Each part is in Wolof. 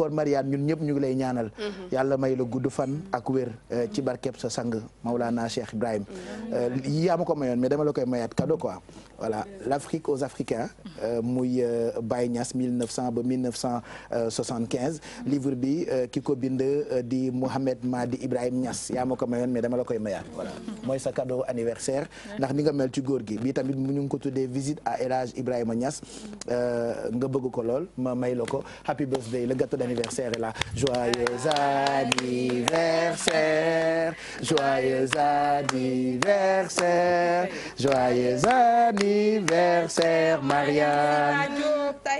kon Mariane ñun ñëpp ñu ngi lay ñaanal mm-hmm. yàlla may la gudd fan ak wér eh, ci barkeb sa sang Maulana Cheikh Ibrahim mm-hmm. eh, ma ko mayoon mais dama la koy mayaat cadeau quoi voilà l'Afrique aux Africains mm-hmm. eh, muy bi ki ko bind di Mohamed Mahdi Ibrahim Niass yaa ma ko mayoon mais dama la koy mayaat voilà mooy sa cadeau anniversaire ndax ni nga mel ci góor gi bii tamit mu ñu ngi ko tuddee visite à El Hadj Ibrahima nga bëgg ko lool ma may ko happy birthday le gâteau anniversaire est là. Joyeux anniversaire, joyeux anniversaire, joyeux anniversaire Marianne.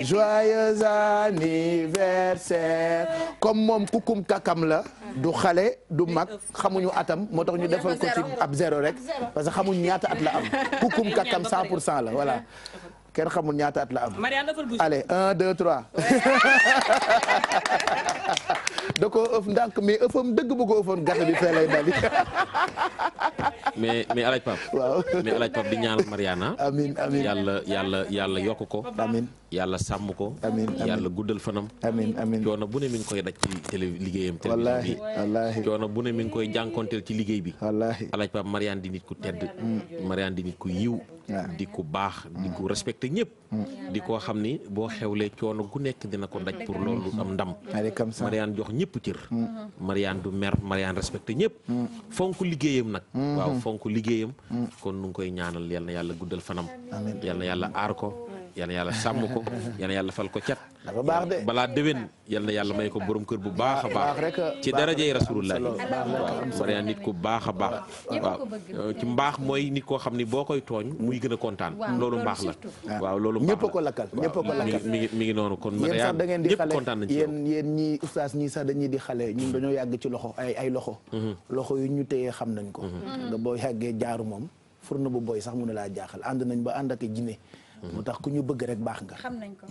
joyeux anniversaire. comme moom kukum kakam la. du xale du mag xamuñu atam moo tax ñu defal ko ci ab zéro rek parce que xamuñu ñaata at la am kukum kakam 100 pour cent la voilà. kenn xamul ñaata at la am. Marianne dafa bouger. allez mais ëfam dëgg bu ko ëfoon gàtt bi fee dali. mais mais El waaw mais El Hadj Pape di ñaanal Mariana. Ah. yàlla yàlla yàlla yokk ko. amiin yàlla sàmm ko. amiin yàlla guddal fanam. amiin amiin coono bu ne mi koy daj ci télé liggéeyam. wallaahi wallaahi coono bu ne mi koy jànkonteel ci liggéey bi. wallaahi El marian Pape Mariane di nit ku tedd. Mariane di nit ku yiw. di ku baax di ku mm. respecté ñëpp. Mm. di koo xam ni boo xewlee coono gu nekk dina ko daj pour loolu mm. am ndam. Mariane jox ñëpp cër. marian du mer Mariane respecté ñëpp. fonk liggéeyam nag. Mm-hmm. waaw fonk liggéeyam. kon nu ngi koy ñaanal yal na yàlla guddal fanam. yal na yàlla aar ko. yal na yàlla sàmm ko yal na yàlla fal ko cat dafa baax de balaa déwén yal na yàlla may ko boroom kër bu baax a baax ci darajey rasulullah waaw Mariama nit ku baax a baax waaw euh, ci mbaax mooy nit koo xam ni boo koy tooñ muy gën a kontaan loolu mbaax la ah. waaw loolu ñëpp a ko lakkal ñëpp a ko lakkal mi ngi mi ngi noonu kon yéen sax da ngeen di xale yéen yéen ñi oustaz ñii sax dañuy di xale ñun mm-hmm. dañoo yàgg ci loxo ay ay loxo mm-hmm. loxo yu ñu téyee xam nañ ko mm-hmm. nga boo yàggee jaaru moom na bu boy sax mun na laa jaaxal ànd nañ ba ànd ak moo tax ku ñu bëgg rek baax nga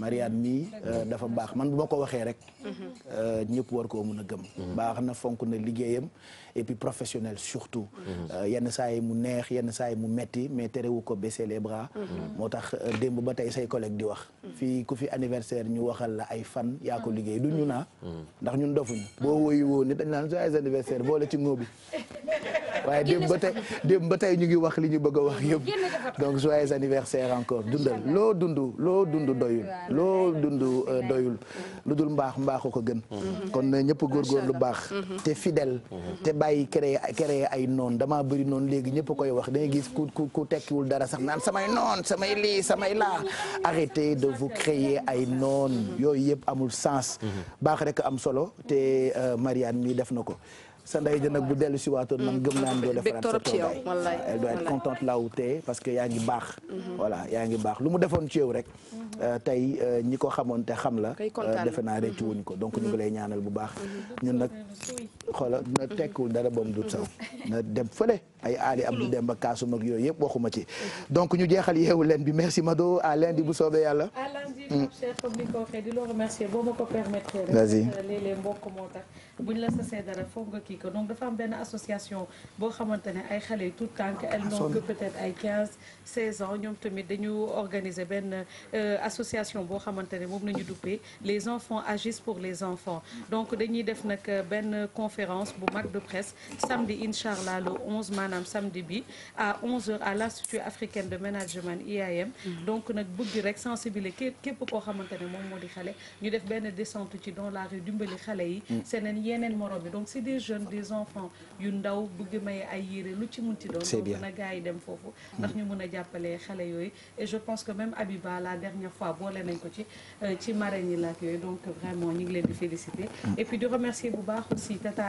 Marianne mii euh, dafa baax man bu ma ko waxee rek mm-hmm. euh, ñëpp war koo mun a gëm mm-hmm. baax na fonk na liggéeyam et puis professionnel surtout mm-hmm. euh, yenn saa yi mu neex yenn saa yi mu metti mais terewu ko baisser les bras moo tax démb ba tey say collègue di wax fii ku fi anniversaire ñu waxal la ay fan yaa ko liggéey du ñu naa ndax ñun dofuñu boo woyu woo ni dañ naan joyeux anniversaire boole ci ngóobi waaye démb ba tey ba tey ñu ngi wax li ñu bëgg a wax yëpp donc joyeux anniversaire encore dundal loo dund loo dund doyul loo dund euh, doyul lu dul mbaax mbaaxu ko gën mm-hmm. Mm-hmm. kon euh, ñëpp góorgóor lu baax mm-hmm. te fidèle te bàyyi créer créer ay noon damaa bëri noon léegi ñëpp koy wax dangay gis ku ku ku tekkiwul dara sax naan samay noon samay lii samay laa arrêtez de vous créer ay noon yooyu yëpp amul sens baax rek am solo te euh, Marianne mi def na ko sa ndey ja nag bu dellu si waatoon man gëm naa ne doo defaraat sa toogaay elle doit être contente là où parce que yaa ngi baax mm-hmm. voilà yaa ngi baax lu mu defoon ci yow rek mm-hmm. euh, tey euh, ñi ko xamoon te xam la euh, defe naa mm-hmm. réccu wuñ ko donc ñu ngi lay ñaanal bu baax ñun nag xoola na tekkul dara bam dut saw na dem fële ay aali am dem ba kaasu mag yooyu yëpp waxuma ci donc ñu jeexal yeewu leen bi merci Mado à lundi bu soobee yàlla à lundi mon mm. cher comme ni ko waxee di la remercier boo ma ko permettre vas-y euh, la sasee dara foog nga kii ko donc dafa am benn association boo xamante ne ay xale tout tànk elles n'ont que peut-être ay 15 16 ans ñoom tamit dañu organiser benn euh, association boo xamante ne moom la ñu duppee les enfants agissent pour les enfants donc dañuy def nag euh, benn conférence conférence bu mag de presse samedi incha allah le 11 maanaam samedi bi à 11h à l' institut africain de management IAM. Mm-hmm. donc nag bëgg rek sensibiliser képp koo xamante ne moom moo di xale ñu def benn descente ci dans la rue dimbali xale yi. Mm. seneen yeneen morom bi donc c' est des jeunes des enfants yu ndaw bëgg maye ay yére lu ci munti doon. c' est bien a gars yi dem foofu. Mm. ndax ñu mun a jàppale xale yooyu et je pense que même Abiba la dernière fois boole nañ ko ci euh, ci marraine yi yooyu donc vraiment ñu ngi leen di féliciter. Mm.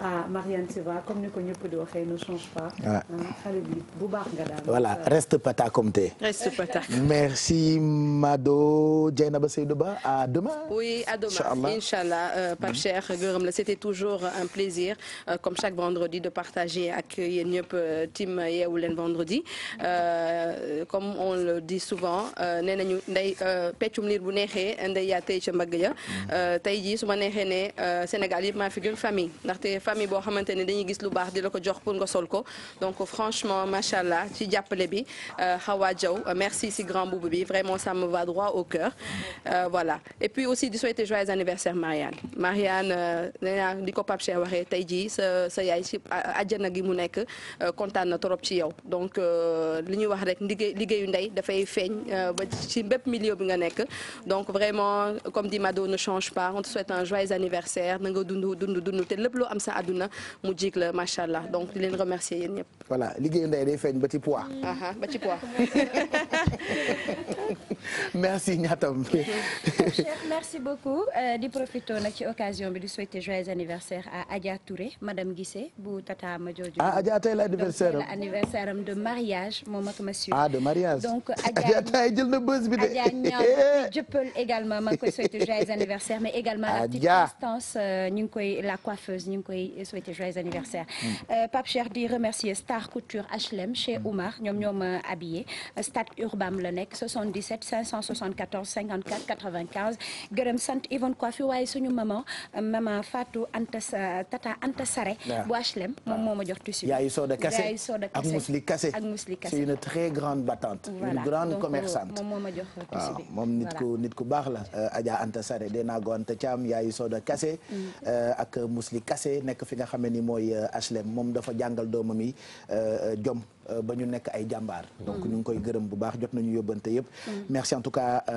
ah Marianne Siva comme ni ko ñëpp di waxee ne change pas. Ah, xale bi bu baax nga daal. voilà euh, reste pata comme t'es. reste pata. merci Mado Dieynaba Seydou Ba à demain. oui à demain inchallah euh, Pape mm-hmm. Cheikh gërëm la c'était toujours un plaisir euh, comme chaque vendredi de partager ak yéen ñëpp team yeewu leen vendredi comme on le dit souvent nee nañu nday peccum liir bu neexee nday yaa tey ca mbagg ya mm-hmm. tey jii su ma neexee ne Sénégal yëpp maa fi gën famille ndaxte. famille boo xamante ne lu baax di la ko jox pour nga sol ko donc franchement macha allah ci jàppale bi euh, euh, si grand boubou bi vraiment ça me va droit au cœur euh, voilà di souhaiter joyeux anniversaire Marianne Marianne nee di ko Pape Cheikh waxee tey ji sa sa yaay si àjjana gi mu nekk kontaan na trop ci yow donc li ñuy wax rek liggéey liggéeyu ndey dafay feeñ ba ci bépp milieu bi nga nekk donc vraiment comme dit Mado ne change pas on te souhaite un joyeux anniversaire na nga dund te lépp loo am sa àdduna mu jig la macha allah donc di leen remercier yéen ñëpp. voilà liggéeyu ndey day feeñ ba ci poids. ba ci poids. merci ñaatam. Cheikh merci beaucoup euh, ci occasion bi di souhaiter joyeux anniversaire à Adja madame Guissé bu Tata Majooju. ah la anniversaire am anniversaire am de mariage moom ak ah, de mariage donc Adja tey jël na bi de. Adja souhaiter joyeux anniversaire mais également. Adja Constance euh, ñu ngi koy la coiffeuse ñu ngi souhaiter joyeux anniversaire. Mm. Euh, Pape Cheikh di remercier Star Couture HLM chez mm. Oumar ñoom ñoom habillé Stade Urbam la nekk 77 574 15 gërëm sant Yvonne Coiffure waaye suñu maman maman Fatou Anta Tata Anta Sare. Ah. bu HLM moom ah. moo ma jox tissu. yaayu Soda Kassé yaayu Soda Kassé ak Mousli Kassé ak Mousli Kassé. c'est une très grande battante. moom moo ma jox tissu ah, bi. moom nit ku nit ku baax la. Euh, Adja Anta Sare dee naa ko Anta Thiam yaayu Soda Kassé. Mm. Euh, ak Mousli kase nekk fi nga xam ne ni mooy HLM euh, moom dafa jàngal doomam yi jom ba ñu nekk ay jàmbaar. Mm. donc ñu ngi koy gërëm bu baax jot nañu yóbbante yëpp. Mm. merci en